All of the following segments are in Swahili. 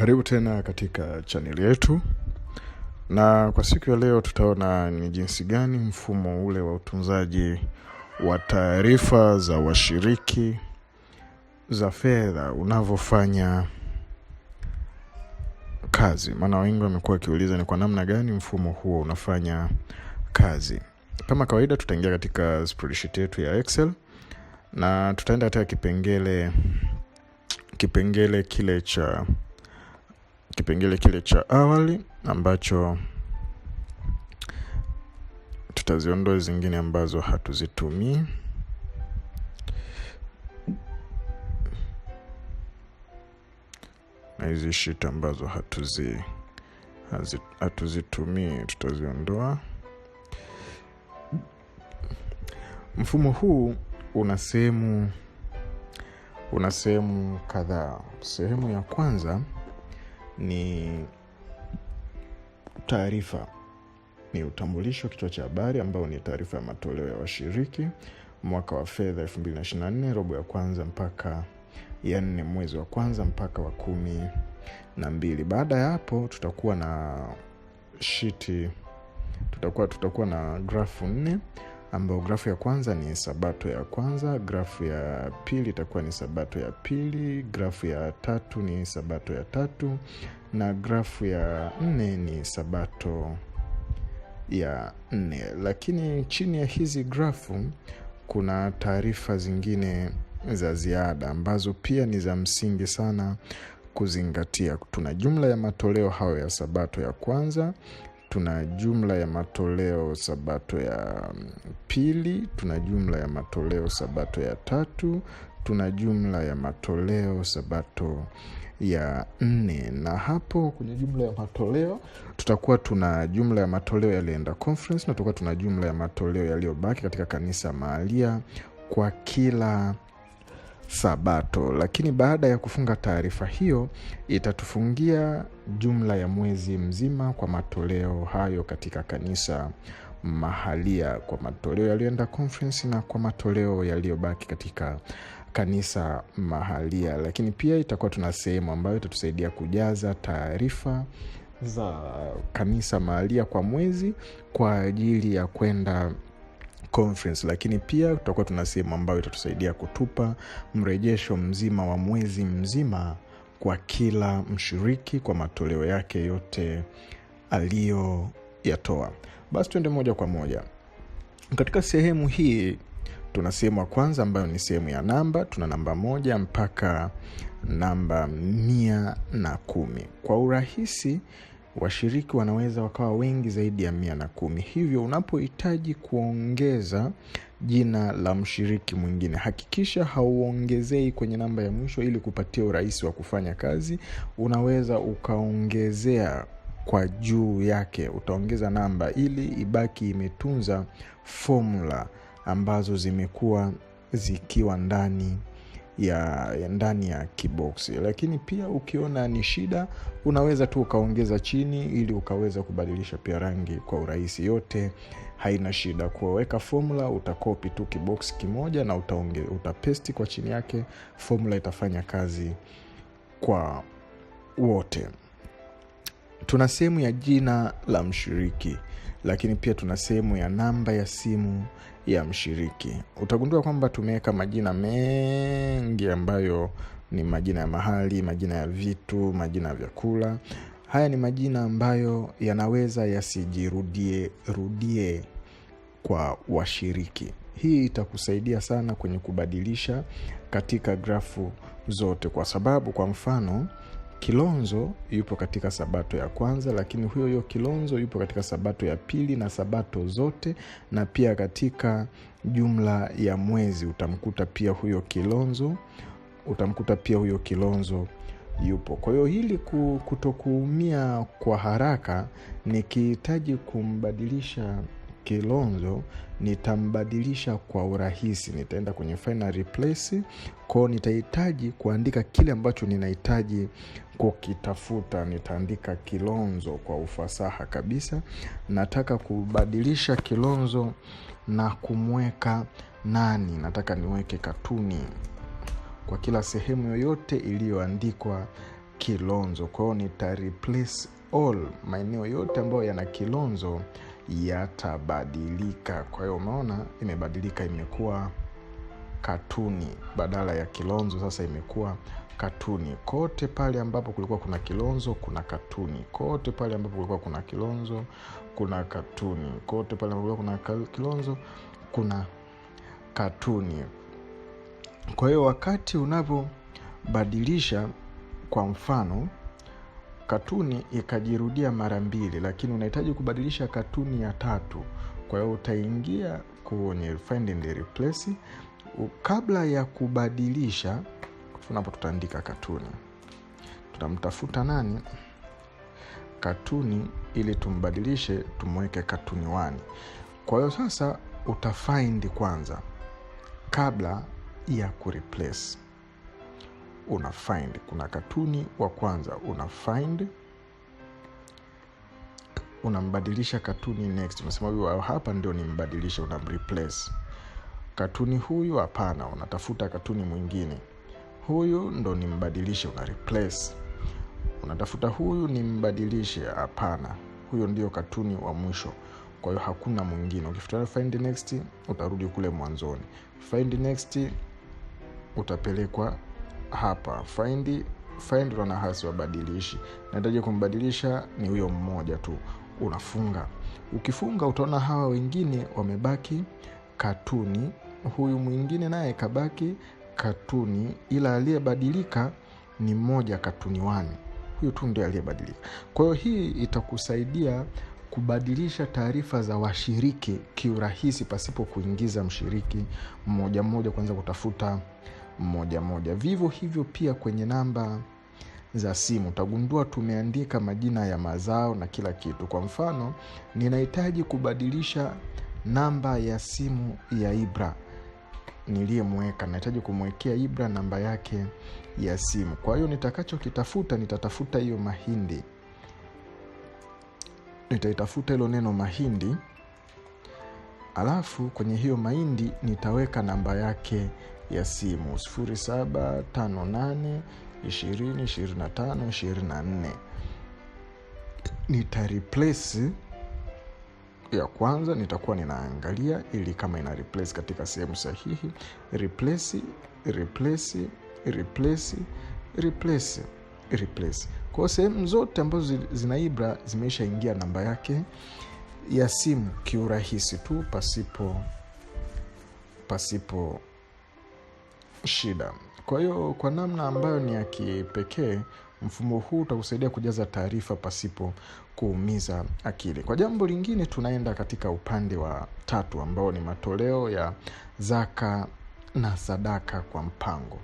Karibu tena katika chaneli yetu, na kwa siku ya leo tutaona ni jinsi gani mfumo ule wa utunzaji wa taarifa za washiriki za fedha unavyofanya kazi. Maana wengi wamekuwa wakiuliza ni kwa namna gani mfumo huo unafanya kazi. Kama kawaida, tutaingia katika spreadsheet yetu ya Excel na tutaenda katika kipengele kipengele kile cha kipengele kile cha awali ambacho tutaziondoa zingine ambazo hatuzitumii. Na hizi sheet ambazo hatuzi hatuzitumii tutaziondoa. Mfumo huu una sehemu una sehemu kadhaa. Sehemu ya kwanza ni taarifa, ni utambulisho, kichwa cha habari ambao ni taarifa ya matoleo ya washiriki mwaka wa fedha 224 robo ya kwanza mpaka ya nne mwezi wa kwanza mpaka wa kumi na mbili. Baada ya hapo tutakuwa na shiti, tutakuwa tutakuwa na grafu nne ambao grafu ya kwanza ni sabato ya kwanza, grafu ya pili itakuwa ni sabato ya pili, grafu ya tatu ni sabato ya tatu na grafu ya nne ni sabato ya nne. Lakini chini ya hizi grafu kuna taarifa zingine za ziada ambazo pia ni za msingi sana kuzingatia. Tuna jumla ya matoleo hayo ya sabato ya kwanza tuna jumla ya matoleo sabato ya mm, pili, tuna jumla ya matoleo sabato ya tatu, tuna jumla ya matoleo sabato ya nne, na hapo kwenye jumla ya matoleo tutakuwa tuna jumla ya matoleo yaliyoenda conference na tutakuwa tuna jumla ya matoleo yaliyobaki katika kanisa mahalia kwa kila Sabato, lakini baada ya kufunga taarifa hiyo itatufungia jumla ya mwezi mzima kwa matoleo hayo katika kanisa mahalia, kwa matoleo yaliyoenda conference na kwa matoleo yaliyobaki katika kanisa mahalia. Lakini pia itakuwa tuna sehemu ambayo itatusaidia kujaza taarifa za kanisa mahalia kwa mwezi kwa ajili ya kwenda conference, lakini pia tutakuwa tuna sehemu ambayo itatusaidia kutupa mrejesho mzima wa mwezi mzima kwa kila mshiriki kwa matoleo yake yote aliyoyatoa. Basi tuende moja kwa moja katika sehemu hii. Tuna sehemu ya kwanza ambayo ni sehemu ya namba. Tuna namba moja mpaka namba mia na kumi. Kwa urahisi washiriki wanaweza wakawa wengi zaidi ya mia na kumi. Hivyo unapohitaji kuongeza jina la mshiriki mwingine hakikisha hauongezei kwenye namba ya mwisho ili kupatia urahisi wa kufanya kazi. Unaweza ukaongezea kwa juu yake, utaongeza namba ili ibaki imetunza fomula ambazo zimekuwa zikiwa ndani ya, ya ndani ya kiboksi, lakini pia ukiona ni shida unaweza tu ukaongeza chini ili ukaweza kubadilisha pia rangi kwa urahisi. Yote haina shida. Kuweka fomula utakopi tu kiboksi kimoja na utaonge, utapesti kwa chini yake, fomula itafanya kazi kwa wote. Tuna sehemu ya jina la mshiriki, lakini pia tuna sehemu ya namba ya simu ya mshiriki. Utagundua kwamba tumeweka majina mengi ambayo ni majina ya mahali, majina ya vitu, majina ya vyakula. Haya ni majina ambayo yanaweza yasijirudie rudie kwa washiriki. Hii itakusaidia sana kwenye kubadilisha katika grafu zote, kwa sababu kwa mfano Kilonzo yupo katika Sabato ya kwanza, lakini huyo huyo Kilonzo yupo katika Sabato ya pili na Sabato zote, na pia katika jumla ya mwezi utamkuta pia huyo Kilonzo, utamkuta pia huyo Kilonzo yupo. Kwa hiyo hili kutokuumia kwa haraka, nikihitaji kumbadilisha Kilonzo nitambadilisha kwa urahisi, nitaenda kwenye final replace kwao, nitahitaji kuandika kile ambacho ninahitaji kukitafuta. Nitaandika Kilonzo kwa ufasaha kabisa. Nataka kubadilisha Kilonzo na kumweka nani? Nataka niweke katuni kwa kila sehemu yoyote iliyoandikwa Kilonzo. Kwa hiyo nita replace all, maeneo yote ambayo yana Kilonzo yatabadilika. Kwa hiyo umeona, imebadilika, imekuwa katuni badala ya Kilonzo, sasa imekuwa katuni kote pale ambapo kulikuwa kuna kilonzo kuna katuni kote pale ambapo kulikuwa kuna kilonzo kuna katuni kote pale ambapo kuna kilonzo kuna katuni kwa hiyo wakati unavyobadilisha kwa mfano katuni ikajirudia mara mbili lakini unahitaji kubadilisha katuni ya tatu kwa hiyo utaingia kwenye replace kabla ya kubadilisha tutaandika katuni tunamtafuta nani katuni ili tumbadilishe tumweke katuni wani kwa hiyo sasa utafind kwanza kabla ya kureplace una find kuna katuni wa kwanza una find unambadilisha katuni next unasema huyu hapa ndio nimbadilishe unamreplace katuni huyu hapana unatafuta katuni mwingine huyu ndo nimbadilishe una replace unatafuta huyu nimbadilishe hapana huyo ndio katuni wa mwisho kwa hiyo hakuna mwingine ukifuta find next utarudi kule mwanzoni find next utapelekwa hapa find find ranahasi wabadilishi nahitaji kumbadilisha ni huyo mmoja tu unafunga ukifunga utaona hawa wengine wamebaki katuni huyu mwingine naye kabaki katuni, ila aliyebadilika ni mmoja katuni wani, huyu tu ndio aliyebadilika. Kwa hiyo hii itakusaidia kubadilisha taarifa za washiriki kiurahisi pasipo kuingiza mshiriki mmoja mmoja kuanza kutafuta mmoja mmoja. Vivyo hivyo pia kwenye namba za simu utagundua tumeandika majina ya mazao na kila kitu. Kwa mfano, ninahitaji kubadilisha namba ya simu ya Ibra niliyemweka nahitaji kumwekea ibra namba yake ya simu kwa hiyo nitakachokitafuta nitatafuta hiyo mahindi nitaitafuta hilo neno mahindi alafu kwenye hiyo mahindi nitaweka namba yake ya simu 0758 20 25 24 nitareplace ya kwanza nitakuwa ninaangalia ili kama ina replace katika sehemu sahihi replace replace replace replace replace kwao sehemu zote ambazo zina ibra zimeishaingia namba yake ya simu kiurahisi tu pasipo pasipo shida kwa hiyo kwa namna ambayo ni ya kipekee Mfumo huu utakusaidia kujaza taarifa pasipo kuumiza akili. Kwa jambo lingine, tunaenda katika upande wa tatu ambao ni matoleo ya zaka na sadaka kwa mpango.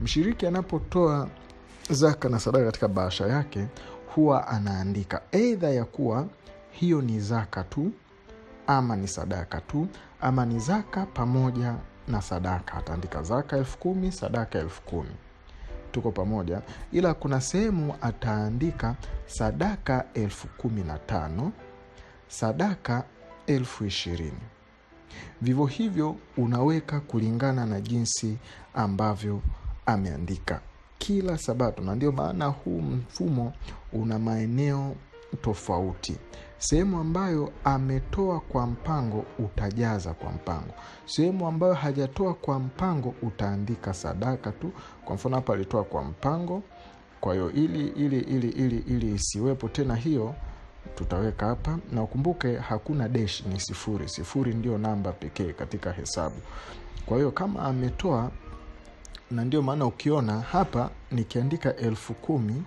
Mshiriki anapotoa zaka na sadaka katika bahasha yake, huwa anaandika aidha ya kuwa hiyo ni zaka tu ama ni sadaka tu ama ni zaka pamoja na sadaka. Ataandika zaka elfu kumi, sadaka elfu kumi tuko pamoja, ila kuna sehemu ataandika sadaka elfu kumi na tano sadaka elfu ishirini Vivyo hivyo unaweka kulingana na jinsi ambavyo ameandika kila Sabato, na ndio maana huu mfumo una maeneo tofauti. Sehemu ambayo ametoa kwa mpango utajaza kwa mpango, sehemu ambayo hajatoa kwa mpango utaandika sadaka tu. Kwa mfano hapa alitoa kwa mpango, kwa hiyo ili ili ili ili ili isiwepo tena hiyo tutaweka hapa, na ukumbuke hakuna dash, ni sifuri. Sifuri ndio namba pekee katika hesabu. Kwa hiyo kama ametoa, na ndio maana ukiona hapa nikiandika elfu kumi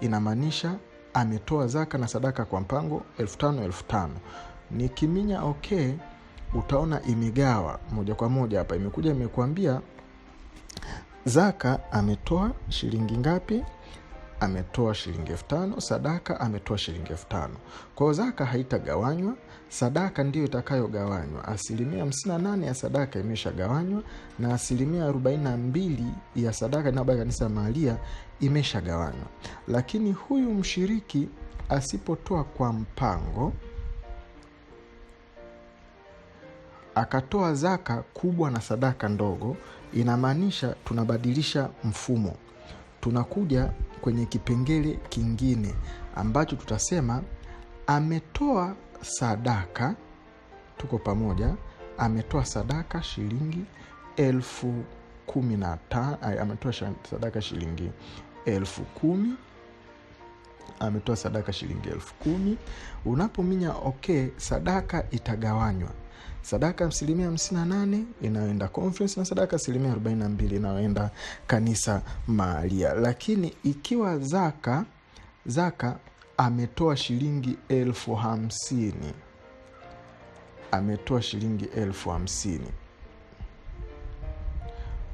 inamaanisha ametoa zaka na sadaka kwa mpango elfu ni elfu tano okay utaona imegawa moja kwa moja hapa imekuja imekuambia zaka ametoa shilingi ngapi ametoa shilingi elfu tano sadaka ametoa shilingi elfu tano kwao zaka haitagawanywa sadaka ndiyo itakayogawanywa asilimia 58 ya sadaka imeshagawanywa na asilimia 42 ya sadaka inayobaki kanisa mahalia imeshagawanywa, lakini huyu mshiriki asipotoa kwa mpango akatoa zaka kubwa na sadaka ndogo, inamaanisha tunabadilisha mfumo. Tunakuja kwenye kipengele kingine ambacho tutasema ametoa sadaka. Tuko pamoja? Ametoa sadaka shilingi elfu kumi na ametoa sadaka shilingi elfu kumi ametoa sadaka shilingi elfu kumi unapominya ok sadaka itagawanywa sadaka asilimia 58 inayoenda conference na sadaka asilimia 42 inayoenda kanisa maalia lakini ikiwa zaka zaka ametoa shilingi elfu hamsini ametoa shilingi elfu hamsini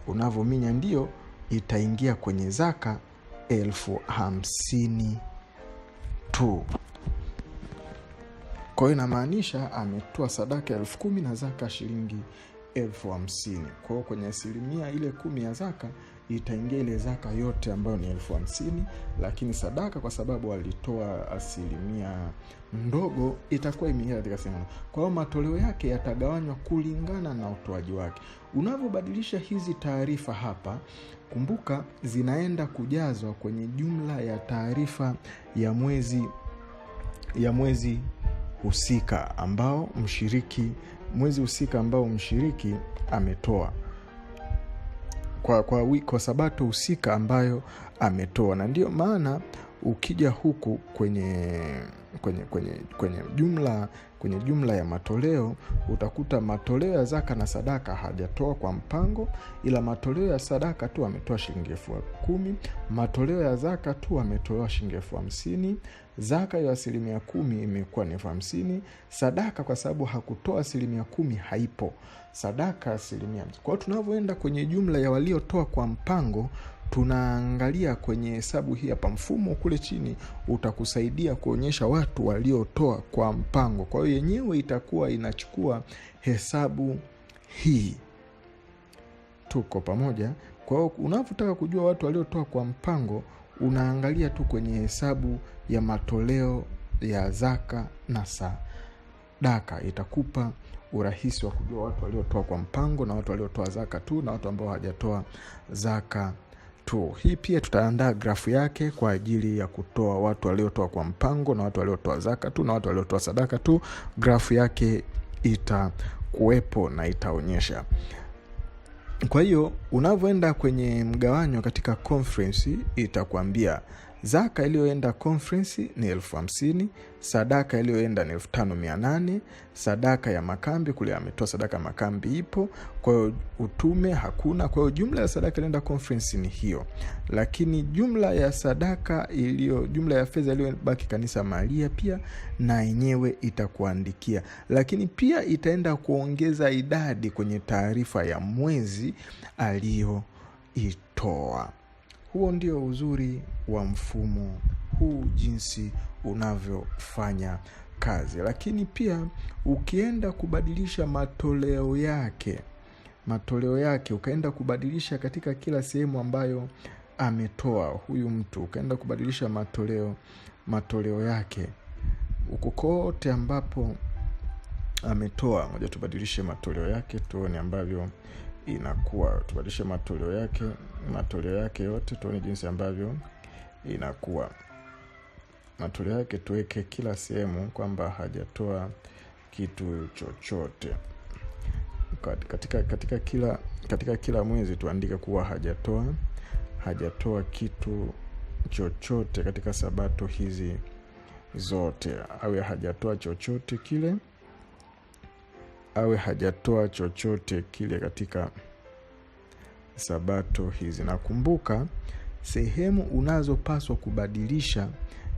unavyominya ndio itaingia kwenye zaka elfu hamsini tu. Kwa hiyo inamaanisha ametoa sadaka elfu kumi na zaka shilingi elfu hamsini. Kwa hiyo kwenye asilimia ile kumi ya zaka itaingia ile zaka yote ambayo ni elfu hamsini lakini sadaka kwa sababu alitoa asilimia ndogo itakuwa imeingia katika sehemu. Kwa hiyo matoleo yake yatagawanywa kulingana na utoaji wake. Unavyobadilisha hizi taarifa hapa, kumbuka zinaenda kujazwa kwenye jumla ya taarifa ya mwezi ya mwezi husika ambao mshiriki mwezi husika ambao mshiriki ametoa kwa, kwa, kwa, kwa sabato husika ambayo ametoa, na ndiyo maana ukija huku kwenye kwenye, kwenye, kwenye, jumla, kwenye jumla ya matoleo utakuta matoleo ya zaka na sadaka hajatoa kwa mpango, ila matoleo ya sadaka tu ametoa shilingi elfu kumi, matoleo ya zaka tu ametolewa shilingi elfu hamsini zaka ya asilimia kumi imekuwa ni elfu hamsini sadaka kwa sababu hakutoa asilimia kumi haipo sadaka asilimia. kwao tunavyoenda kwenye jumla ya waliotoa kwa mpango tunaangalia kwenye hesabu hii hapa, mfumo kule chini utakusaidia kuonyesha watu waliotoa kwa mpango. Kwa hiyo yenyewe itakuwa inachukua hesabu hii. Tuko pamoja? Kwa hiyo unavyotaka kujua watu waliotoa kwa mpango, unaangalia tu kwenye hesabu ya matoleo ya zaka na sadaka, itakupa urahisi wa kujua watu waliotoa kwa mpango na watu waliotoa zaka tu na watu ambao hawajatoa zaka tu. Hii pia tutaandaa grafu yake kwa ajili ya kutoa watu waliotoa kwa mpango na watu waliotoa zaka tu na watu waliotoa sadaka tu. Grafu yake itakuwepo na itaonyesha. Kwa hiyo unavyoenda kwenye mgawanyo katika conference itakwambia Zaka iliyoenda conference ni elfu hamsini, sadaka iliyoenda ni elfu tano mia nane, sadaka ya makambi kule ametoa sadaka ya makambi ipo, kwa hiyo utume hakuna. Kwa hiyo jumla ya sadaka ilioenda conference ni hiyo, lakini jumla ya sadaka iliyo, jumla ya fedha iliyobaki kanisa Maria pia na yenyewe itakuandikia, lakini pia itaenda kuongeza idadi kwenye taarifa ya mwezi aliyoitoa. Huo ndio uzuri wa mfumo huu, jinsi unavyofanya kazi. Lakini pia ukienda kubadilisha matoleo yake matoleo yake, ukaenda kubadilisha katika kila sehemu ambayo ametoa huyu mtu, ukaenda kubadilisha matoleo matoleo yake huko kote ambapo ametoa. moja tubadilishe matoleo yake tuone ambavyo inakuwa. Tubadilishe matoleo yake, matoleo yake yote, tuone jinsi ambavyo inakuwa. Matoleo yake tuweke kila sehemu kwamba hajatoa kitu chochote katika, katika, kila, katika kila mwezi tuandike kuwa hajatoa hajatoa kitu chochote katika sabato hizi zote, awe hajatoa chochote kile awe hajatoa chochote kile katika sabato hizi na kumbuka sehemu unazopaswa kubadilisha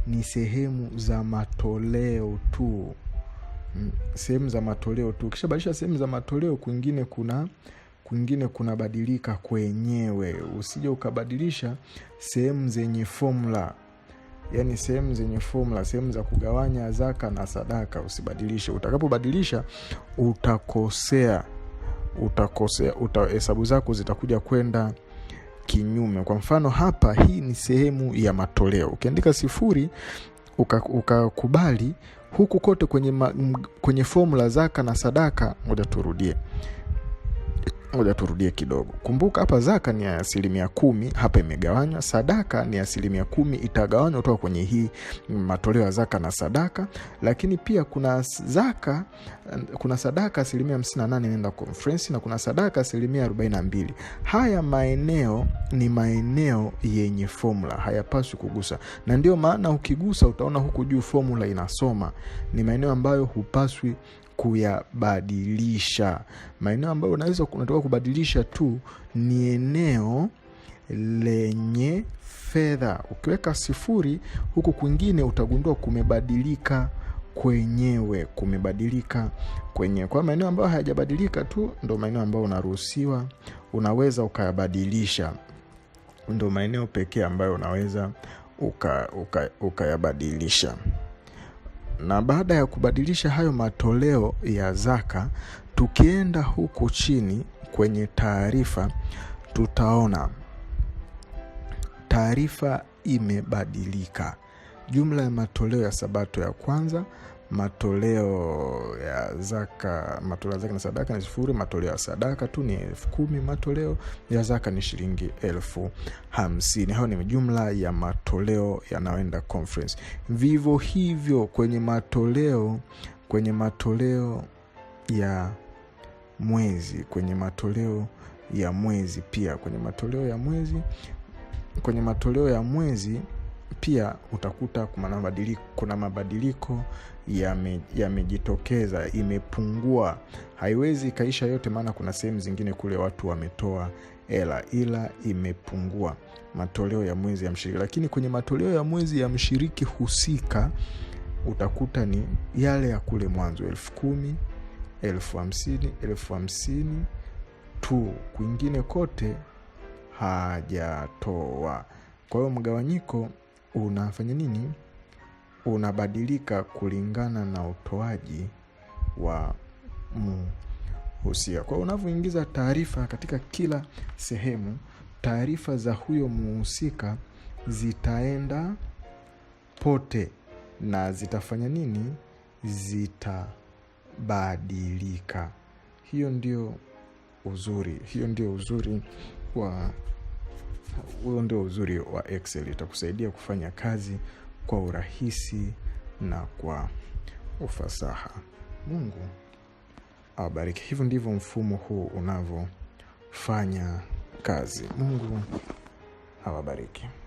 ni sehemu za matoleo tu hmm, sehemu za matoleo tu ukishabadilisha sehemu za matoleo kwingine kuna kwingine kunabadilika kwenyewe usije ukabadilisha sehemu zenye formula yani sehemu zenye fomula, sehemu za kugawanya zaka na sadaka usibadilishe. Utakapobadilisha utakosea, utakosea uta, hesabu zako zitakuja kwenda kinyume. Kwa mfano hapa, hii ni sehemu ya matoleo, ukiandika sifuri ukakubali uka huku kote kwenye, kwenye fomula zaka na sadaka, moja turudie Ngoja turudie kidogo. Kumbuka hapa zaka ni asilimia kumi, hapa imegawanywa. Sadaka ni asilimia kumi, itagawanywa kutoka kwenye hii matoleo ya zaka na sadaka. Lakini pia kuna zaka, kuna sadaka asilimia nane inaenda konferensi na kuna sadaka asilimia mbili Haya maeneo ni maeneo yenye fomula hayapaswi kugusa, na ndio maana ukigusa utaona huku juu fomula inasoma, ni maeneo ambayo hupaswi kuyabadilisha. Maeneo ambayo unaweza unatoka kubadilisha tu ni eneo lenye fedha. Ukiweka sifuri huku kwingine utagundua kumebadilika kwenyewe, kumebadilika kwenyewe. Kwa maeneo ambayo hayajabadilika tu ndo maeneo ambayo unaruhusiwa, unaweza ukayabadilisha, ndo maeneo pekee ambayo unaweza ukayabadilisha uka, uka na baada ya kubadilisha hayo matoleo ya zaka, tukienda huku chini kwenye taarifa tutaona taarifa imebadilika. Jumla ya matoleo ya Sabato ya kwanza matoleo ya zaka matoleo ya zaka na sadaka ni sifuri matoleo ya sadaka tu ni elfu kumi matoleo ya zaka ni shilingi elfu hamsini hayo ni jumla ya matoleo yanayoenda conference vivyo hivyo kwenye matoleo kwenye matoleo ya mwezi kwenye matoleo ya mwezi pia kwenye matoleo ya mwezi kwenye matoleo ya mwezi pia utakuta kuna mabadiliko, kuna mabadiliko yamejitokeza ya imepungua haiwezi ikaisha yote maana kuna sehemu zingine kule watu wametoa hela ila imepungua matoleo ya mwezi ya mshiriki lakini kwenye matoleo ya mwezi ya mshiriki husika utakuta ni yale ya kule mwanzo elfu kumi elfu hamsini elfu hamsini tu kwingine kote hajatoa kwa hiyo mgawanyiko unafanya nini unabadilika kulingana na utoaji wa mhusia. kwao unavyoingiza taarifa katika kila sehemu, taarifa za huyo muhusika zitaenda pote na zitafanya nini? Zitabadilika. Hiyo ndio uzuri, hiyo ndio uzuri wa huyo ndio uzuri wa Excel, itakusaidia kufanya kazi kwa urahisi na kwa ufasaha. Mungu awabariki. Hivyo ndivyo mfumo huu unavyofanya kazi. Mungu awabariki.